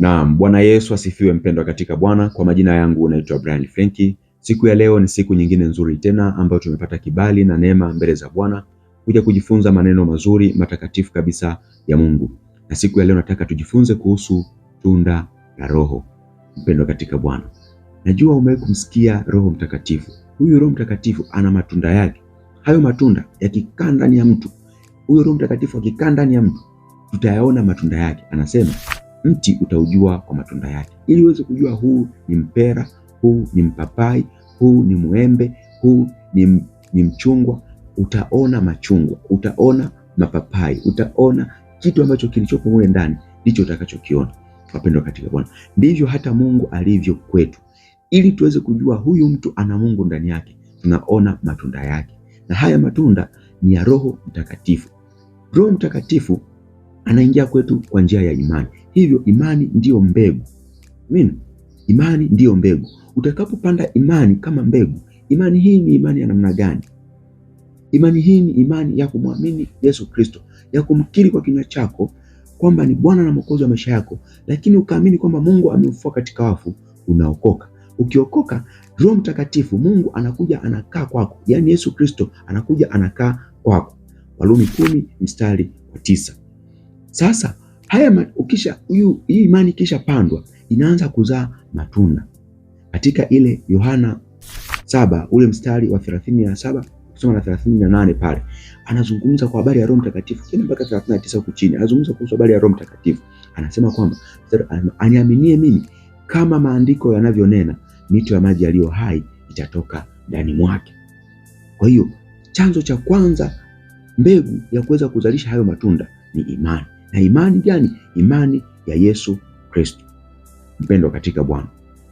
Naam, Bwana Yesu asifiwe mpendwa katika Bwana. Kwa majina yangu naitwa Brian Frenki. Siku ya leo ni siku nyingine nzuri tena ambayo tumepata kibali na neema mbele za Bwana kuja kujifunza maneno mazuri matakatifu kabisa ya Mungu. Na siku ya leo nataka tujifunze kuhusu tunda la Roho. Mpendwa katika Bwana, najua umewahi kumsikia Roho Mtakatifu. Huyu Roho Mtakatifu ana matunda yake. Hayo matunda yakikaa ndani ya mtu, huyo Roho Mtakatifu akikaa ndani ya mtu, tutayaona matunda yake. Anasema mti utaujua kwa matunda yake, ili uweze kujua huu ni mpera, huu ni mpapai, huu ni mwembe, huu ni, ni mchungwa. Utaona machungwa, utaona mapapai, utaona kitu ambacho kilichopo mule ndani ndicho utakachokiona. Wapendwa katika Bwana, ndivyo hata Mungu alivyo kwetu. Ili tuweze kujua huyu mtu ana Mungu ndani yake, tunaona matunda yake, na haya matunda ni ya Roho Mtakatifu. Roho Mtakatifu anaingia kwetu kwa njia ya imani. Hivyo imani ndiyo mbegu. Amina, imani ndiyo mbegu. Utakapopanda imani kama mbegu, imani hii ni imani ya namna gani? Imani hii ni imani ya kumwamini Yesu Kristo, ya kumkiri kwa kinywa chako kwamba ni Bwana na Mwokozi wa maisha yako, lakini ukaamini kwamba Mungu amemfufua katika wafu, unaokoka. Ukiokoka, Roho Mtakatifu Mungu anakuja anakaa kwako, yaani Yesu Kristo anakuja anakaa kwako. Warumi kumi mstari wa tisa. Sasa haya ukisha hii imani kisha pandwa inaanza kuzaa matunda. Katika ile Yohana saba ule mstari wa 37 kusoma na 38 pale anazungumza kwa habari ya Roho Mtakatifu, kile mpaka 39 huko chini anazungumza kuhusu habari ya Roho Mtakatifu. Anasema kwamba aniaminie mimi, kama maandiko yanavyonena, mito ya maji yaliyo hai itatoka ndani mwake. Kwa hiyo chanzo cha kwanza, mbegu ya kuweza kuzalisha hayo matunda ni imani na imani gani? Imani ya Yesu Kristo. Mpendwa katika Bwana,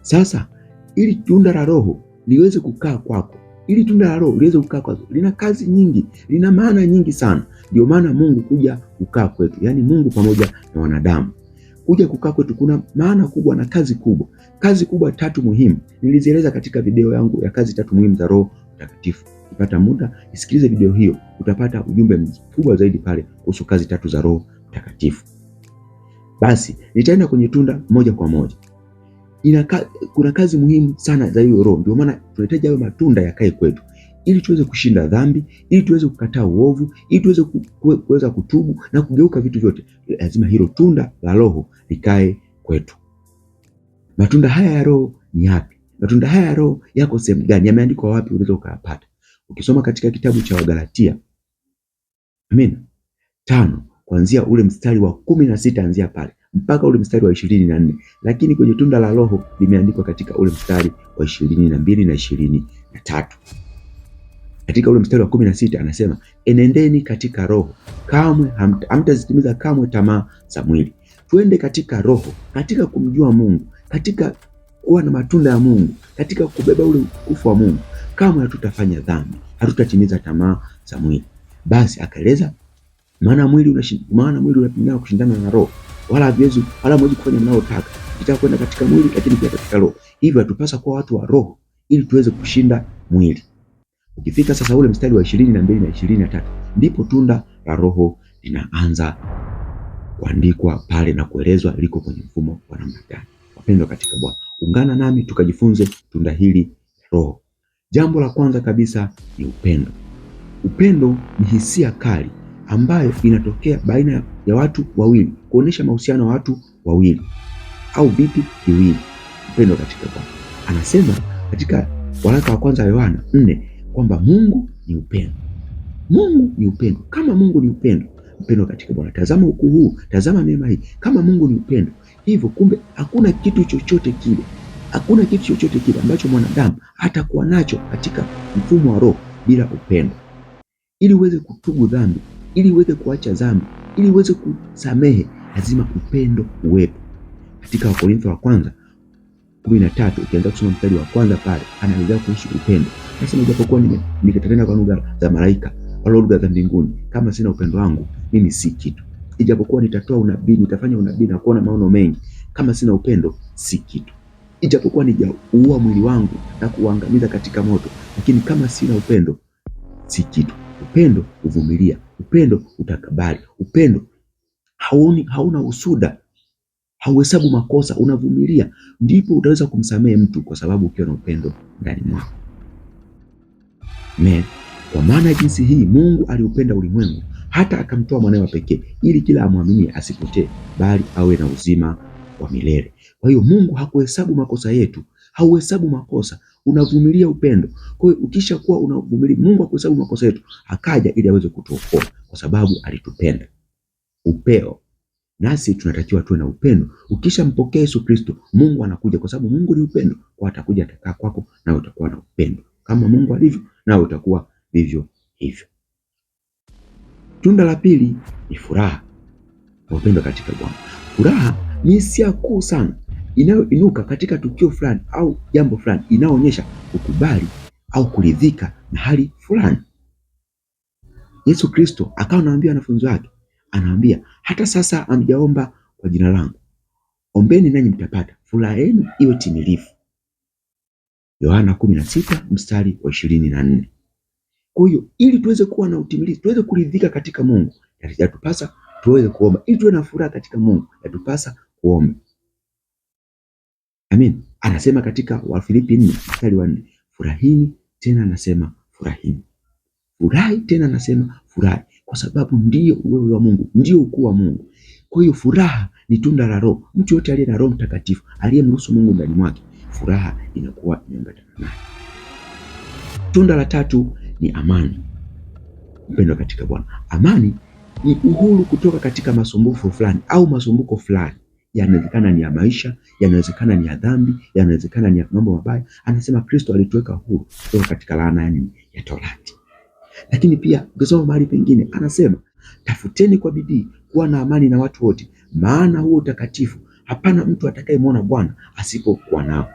sasa ili tunda la Roho liweze kukaa kwako, ili tunda la Roho liweze kukaa kwako, lina kazi nyingi, lina maana nyingi sana. Ndio maana Mungu kuja kukaa kwetu, yaani Mungu pamoja na wanadamu kuja kukaa kwetu kuna maana kubwa na kazi kubwa, kazi kubwa tatu muhimu. Nilizieleza katika video yangu ya kazi tatu muhimu za Roho Mtakatifu. Ukipata muda, isikilize video hiyo, utapata ujumbe mkubwa zaidi pale kuhusu kazi tatu za Roho mtakatifu, basi nitaenda kwenye tunda moja kwa moja. Inaka, kuna kazi muhimu sana za hiyo Roho. Ndio maana tunahitaji hayo matunda yakae kwetu ili tuweze kushinda dhambi, ili tuweze kukataa uovu, ili tuweze kuweza kutubu na kugeuka vitu vyote. Lazima hilo tunda la Roho likae kwetu. Matunda haya ya Roho ni yapi? Matunda haya ya Roho yako sehemu gani? Yameandikwa wapi? Unaweza ukayapata ukisoma katika kitabu cha Wagalatia. Amina. Tano, kuanzia ule mstari wa kumi na sita anzia pale mpaka ule mstari wa ishirini na nne lakini kwenye tunda la Roho limeandikwa katika ule mstari wa ishirini na mbili na ishirini na tatu katika ule mstari wa kumi na sita anasema enendeni katika Roho, kamwe hamtazitimiza kamwe tamaa za mwili. Tuende katika Roho, katika kumjua Mungu, katika kuwa na matunda ya Mungu, katika kubeba ule utukufu wa Mungu. Kamwe hatutafanya dhambi, hatutatimiza tamaa za mwili. Basi akaeleza maana mwili maana mwili unapingana kushindana na roho, wala haviwezi wala mwezi kufanya mnalotaka, ukitaka kwenda katika mwili, lakini pia katika roho. Hivyo tupasa kuwa watu wa roho ili tuweze kushinda mwili. Ukifika sasa ule mstari wa 22 na 23 ndipo tunda la roho linaanza kuandikwa pale na kuelezwa liko kwenye mfumo wa namna gani. Wapendwa katika Bwana, ungana nami tukajifunze tunda hili roho. Jambo la kwanza kabisa ni upendo. Upendo ni hisia kali ambayo inatokea baina ya watu wawili, kuonesha mahusiano ya watu wawili au vipi viwili. Mpendo katika Bwana anasema katika waraka wa kwanza wa Yohana nne kwamba Mungu ni upendo. Mungu ni upendo. Kama Mungu ni upendo, mpendo katika Bwana, tazama ukuu huu, tazama neema hii. Kama Mungu ni upendo, hivyo kumbe hakuna kitu chochote kile, hakuna kitu chochote kile ambacho mwanadamu atakuwa nacho katika mfumo wa roho bila upendo. Ili uweze kutubu dhambi ili uweze kuacha dhambi, ili uweze kusamehe, lazima upendo uwepo. Katika Wakorintho wa kwanza kumi na tatu ukianza kusoma mstari wa kwanza pale, anaelezea kuhusu upendo. Nasema japokuwa nikitatenda kwa lugha za malaika wala lugha za mbinguni, kama sina upendo wangu mimi si kitu. Ijapokuwa nitatoa unabii, nitafanya unabii na kuona maono mengi, kama sina upendo si kitu. Ijapokuwa nijaua mwili wangu na kuangamiza katika moto, lakini kama sina upendo si kitu. Upendo huvumilia, Upendo utakabali Upendo hauni, hauna usuda, hauhesabu makosa, unavumilia. Ndipo utaweza kumsamehe mtu, kwa sababu ukiwa na upendo ndani mwako. Amen. Kwa maana jinsi hii Mungu aliupenda ulimwengu hata akamtoa mwanawe wa pekee, ili kila amwaminie asipotee, bali awe na uzima wa milele. Kwa hiyo Mungu hakuhesabu makosa yetu, hauhesabu makosa unavumilia upendo. Kwa hiyo ukisha kuwa unavumilia, Mungu kwa sababu makosa yetu, akaja ili aweze kutuokoa kwa sababu alitupenda. Upeo nasi tunatakiwa tuwe na upendo. Ukishampokea Yesu Kristo, Mungu anakuja kwa sababu Mungu ni upendo, kwa atakuja atakaa kwako, na utakuwa na upendo kama Mungu alivyo, na utakuwa vivyo hivyo. Tunda la pili ni furaha, upendo katika Bwana. Furaha ni hisia kuu sana inayoinuka katika tukio fulani au jambo fulani, inayoonyesha kukubali au kuridhika na hali fulani. Yesu Kristo akawa anawaambia wanafunzi wake, anawaambia hata sasa amjaomba kwa jina langu, ombeni nanyi mtapata, furaha yenu iwe timilifu. Yohana 16 mstari wa 24. Kwa hiyo ili tuweze kuwa na utimilifu, tuweze kuridhika katika Mungu, yatupasa tuweze kuomba. Ili tuwe na furaha katika Mungu, yatupasa kuomba. Amin. Anasema katika Wafilipi 4 mstari wa 4, furahini tena anasema furahini. Furahi tena anasema furahi, kwa sababu ndiyo uwezo wa Mungu, ndiyo ukuu wa Mungu. Kwa hiyo furaha ni tunda la Roho. Mtu yote aliye na Roho Mtakatifu, aliyemruhusu Mungu ndani mwake, furaha inakuwa imeambatana naye. Tunda la tatu ni amani. Mpendwa katika Bwana, amani ni uhuru kutoka katika masumbufu fulani au masumbuko fulani yanawezekana ni ya maisha, yanawezekana ni ya dhambi, yanawezekana ni ya mambo mabaya. Anasema Kristo alituweka huru kutoka katika laana ya Torati. Lakini pia ukisoma mahali pengine anasema tafuteni kwa bidii kuwa na amani na watu wote, maana huo utakatifu hapana mtu atakayemwona Bwana asipokuwa nao.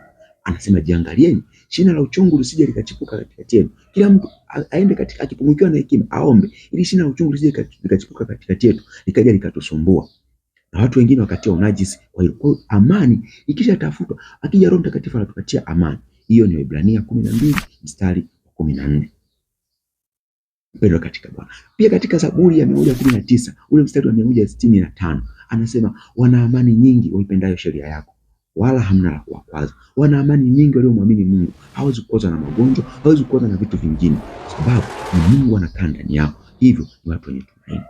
Anasema jiangalieni, shina la uchungu lisije likachipuka katikati yenu. Kila mtu aende katika, akipungukiwa na hekima aombe, ili shina la uchungu lisije likachipuka katikati yetu likaja likatusumbua na watu wengine wakatia unajisi kwa hilo. Kwa hiyo amani ikishatafutwa, akija Roho Mtakatifu anatupatia amani. Hiyo ni Waebrania 12 mstari wa 14. Mpendwa katika Bwana. Pia katika Zaburi ya 119 ule mstari wa 165 anasema wana amani nyingi waipendayo sheria yako, wala hamna la kuwakwaza. Wana amani nyingi waliomwamini Mungu, hawezi kukozwa na magonjwa, hawezi kukozwa na vitu vingine, kwa sababu ni Mungu anakaa ndani yao. Hivyo ni watu wenye tumaini.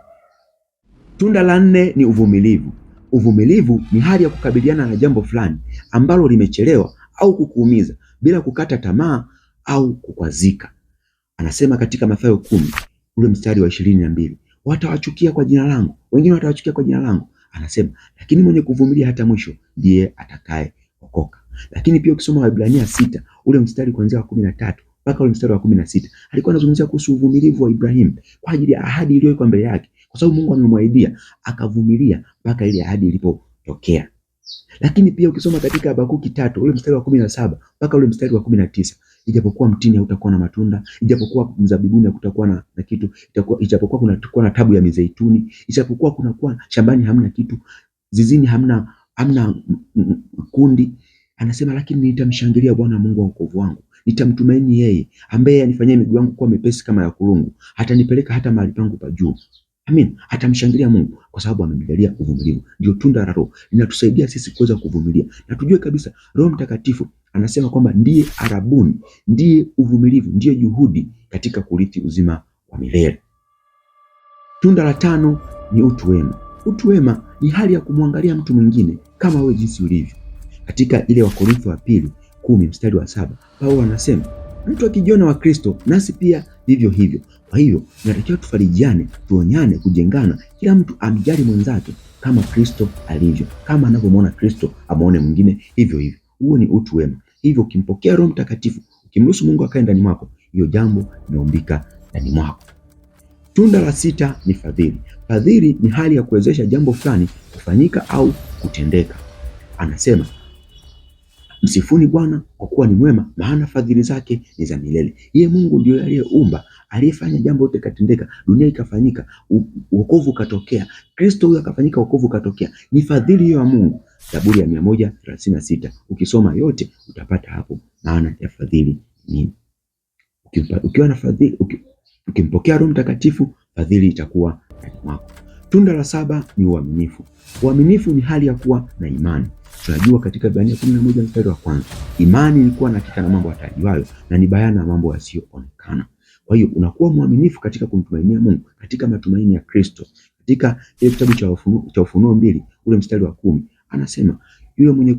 Tunda la nne ni uvumilivu. Uvumilivu ni hali ya kukabiliana na jambo fulani ambalo limechelewa au kukuumiza bila kukata tamaa au kukwazika. Anasema katika Mathayo kumi ule mstari wa ishirini na mbili watawachukia kwa jina langu, wengine watawachukia kwa jina langu. Anasema lakini mwenye kuvumilia hata mwisho ndiye atakaye okoka. Lakini pia ukisoma Waibrania sita ule mstari kuanzia wa kumi na tatu mpaka ule mstari wa kumi na sita alikuwa anazungumzia kuhusu uvumilivu wa Ibrahimu kwa ajili ya ahadi iliyowekwa mbele yake kwa sababu Mungu amemwahidia akavumilia mpaka ile ahadi ilipotokea. Lakini pia ukisoma katika Habakuki tatu ule mstari wa kumi na saba mpaka ule mstari wa kumi na tisa ijapokuwa mtini hautakuwa na matunda, ijapokuwa mzabibuni hakutakuwa na, na kitu itakuwa, ijapokuwa kunakuwa na tabu ya mizeituni, ijapokuwa kunakuwa shambani hamna kitu, zizini hamna hamna kundi. Anasema lakini nitamshangilia Bwana Mungu wa wokovu wangu, nitamtumaini yeye ambaye anifanyia miguu yangu kuwa mepesi kama ya kulungu, atanipeleka hata mahali pangu pa juu. Amin, atamshangilia Mungu kwa sababu amemjalia uvumilivu. Ndio tunda la Roho linatusaidia sisi kuweza kuvumilia, na tujue kabisa Roho Mtakatifu anasema kwamba ndiye arabuni, ndiye uvumilivu, ndiye juhudi katika kurithi uzima wa milele. Tunda la tano ni utu wema. Utu wema ni hali ya kumwangalia mtu mwingine kama wewe jinsi ulivyo. Katika ile Wakorintho wa pili kumi mstari wa saba Paulo anasema mtu akijiona wa Kristo, nasi pia vivyo hivyo. Kwa hivyo tunatakiwa tufarijiane, tuonyane, kujengana, kila mtu amjali mwenzake kama Kristo alivyo, kama anavyomwona Kristo amwone mwingine hivyo hivyo. Huo ni utu wema. Hivyo ukimpokea Roho Mtakatifu, ukimruhusu Mungu akae ndani mwako, hiyo jambo imeumbika ndani mwako. Tunda la sita ni fadhili. Fadhili ni hali ya kuwezesha jambo fulani kufanyika au kutendeka. Anasema Msifuni Bwana kwa kuwa ni mwema, maana fadhili zake ni za milele. Yeye Mungu ndiye aliyeumba, aliyefanya jambo lote katendeka, dunia ikafanyika, wokovu ukatokea, Kristo huyo akafanyika, wokovu ukatokea. Ni fadhili hiyo ya Mungu. Zaburi ya mia sita ukisoma yote utapata hapo maana ya fadhili ni ukiwa na fadhili, ukimpokea Roho Mtakatifu, fadhili itakuwa ndani mwako. Tunda la saba ni uaminifu. Uaminifu ni hali ya kuwa na imani. Tunajua katika Ibrania 11 mstari wa kwanza, imani ilikuwa na hakika na mambo yatarajiwayo na ni bayana ya mambo yasiyoonekana. Kwa hiyo unakuwa mwaminifu katika kumtumainia Mungu, katika matumaini ya Kristo. Katika ile kitabu cha Ufunuo, cha Ufunuo mbili ule mstari wa kumi anasema yule mwenye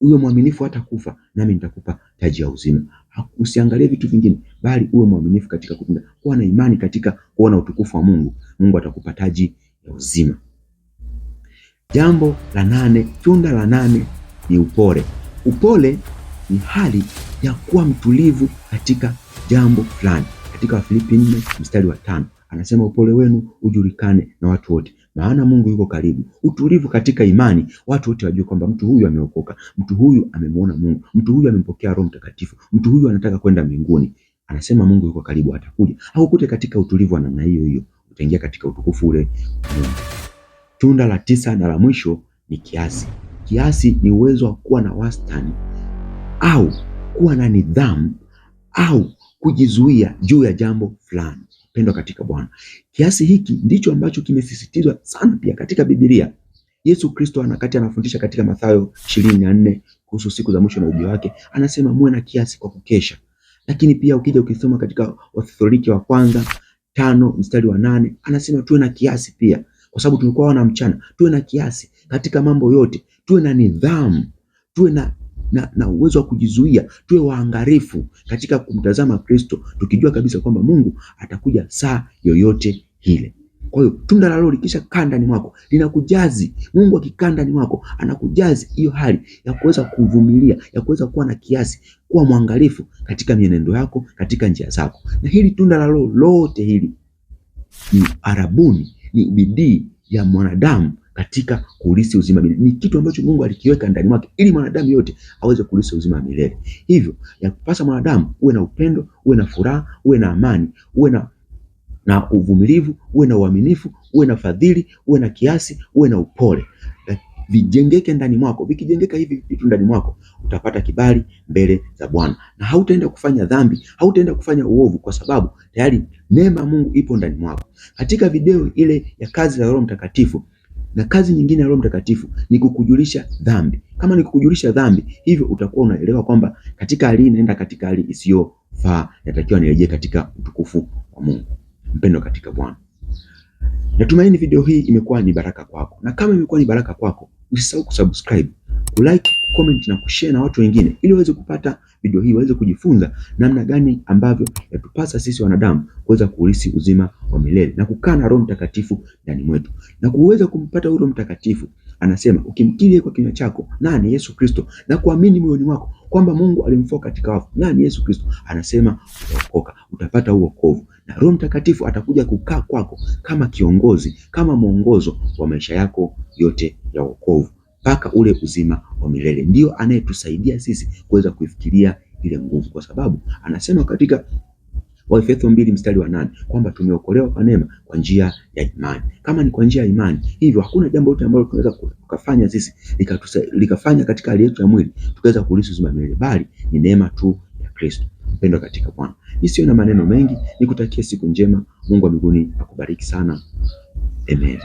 huyo mwaminifu hata kufa, nami nitakupa taji ya uzima. Usiangalie vitu vingine, bali uwe mwaminifu katika kutenda. Kuwa na imani katika kuona utukufu wa Mungu, Mungu atakupa taji uzima. Jambo la nane, tunda la nane ni upole. Upole ni hali ya kuwa mtulivu katika jambo fulani. Katika Wafilipi nne mstari wa tano anasema upole wenu ujulikane na watu wote, maana Mungu yuko karibu. Utulivu katika imani, watu wote wajue kwamba mtu huyu ameokoka, mtu huyu amemwona Mungu, mtu huyu amempokea Roho Mtakatifu, mtu huyu anataka kwenda mbinguni. Anasema Mungu yuko karibu, atakuja. Au katika utulivu wa namna hiyo hiyo tutaingia katika utukufu ule Mungu. Tunda la tisa na la mwisho ni kiasi. Kiasi ni uwezo wa kuwa na wastani au kuwa na nidhamu au kujizuia juu ya jambo fulani. Pendwa katika Bwana, kiasi hiki ndicho ambacho kimesisitizwa sana pia katika Biblia. Yesu Kristo anakati anafundisha katika Mathayo ishirini na nne kuhusu siku za mwisho na ujio wake, anasema muwe na kiasi kwa kukesha. Lakini pia ukija ukisoma katika Wathesalonike wa kwanza tano mstari wa nane anasema tuwe na kiasi pia, kwa sababu tulikuwa wana mchana. Tuwe na kiasi katika mambo yote, tuwe na nidhamu, tuwe na na, na uwezo wa kujizuia, tuwe waangalifu katika kumtazama Kristo, tukijua kabisa kwamba Mungu atakuja saa yoyote ile. Kwa hiyo tunda la Roho kaa ndani mwako linakujazi. Mungu akikaa ndani mwako anakujazi hiyo hali ya kuweza kuvumilia, ya kuweza kuwa na kiasi, kuwa mwangalifu katika mienendo yako, katika njia zako. Na hili tunda la Roho lote hili ni arabuni, ni bidii ya mwanadamu katika kulisi uzima milele. Ni kitu ambacho Mungu alikiweka ndani mwake ili mwanadamu yote aweze kulisi uzima wa milele. Hivyo yakupasa mwanadamu uwe na upendo, uwe na furaha, uwe na amani, uwe na na uvumilivu, uwe na uaminifu, uwe na fadhili, uwe na kiasi, uwe na upole. Eh, vijengeke ndani mwako. Vikijengeka hivi vitu ndani mwako, utapata kibali mbele za Bwana na hautaenda kufanya dhambi, hautaenda kufanya uovu, kwa sababu tayari neema Mungu ipo ndani mwako. Katika video ile ya kazi ya Roho Mtakatifu na kazi nyingine ya Roho Mtakatifu ni kukujulisha dhambi. Kama ni kukujulisha dhambi, hivyo utakuwa unaelewa kwamba katika hali inaenda katika hali isiyofaa, natakiwa nirejee katika utukufu wa Mungu. Mpendwa katika Bwana, natumaini video hii imekuwa ni baraka kwako, na kama imekuwa ni baraka kwako, usisahau kusubscribe, kulike, comment na kushare na watu wengine, ili waweze kupata video hii, waweze kujifunza namna gani ambavyo yatupasa sisi wanadamu kuweza kuurithi uzima wa milele na kukaa na Roho Mtakatifu ndani mwetu na kuweza kumpata Roho Mtakatifu. Anasema ukimkiri kwa kinywa chako nani Yesu Kristo na kuamini moyoni mwako kwamba Mungu alimfufua katika wafu nani Yesu Kristo, anasema utaokoka, utapata uokovu na Roho Mtakatifu atakuja kukaa kwako kama kiongozi, kama mwongozo wa maisha yako yote ya wokovu mpaka ule uzima wa milele. Ndio anayetusaidia sisi kuweza kuifikiria ile nguvu, kwa sababu anasema katika Waefeso mbili mstari wa nane kwamba tumeokolewa kwa neema kwa njia ya imani. Kama ni kwa njia ya imani, hivyo hakuna jambo lote ambalo tunaweza kufanya sisi likafanya katika hali yetu ya mwili tukaweza kulisi uzima milele, bali ni neema tu Kristo. Pendo katika Bwana, isiyo na maneno mengi, nikutakie siku njema. Mungu wa mbinguni akubariki sana. Amen.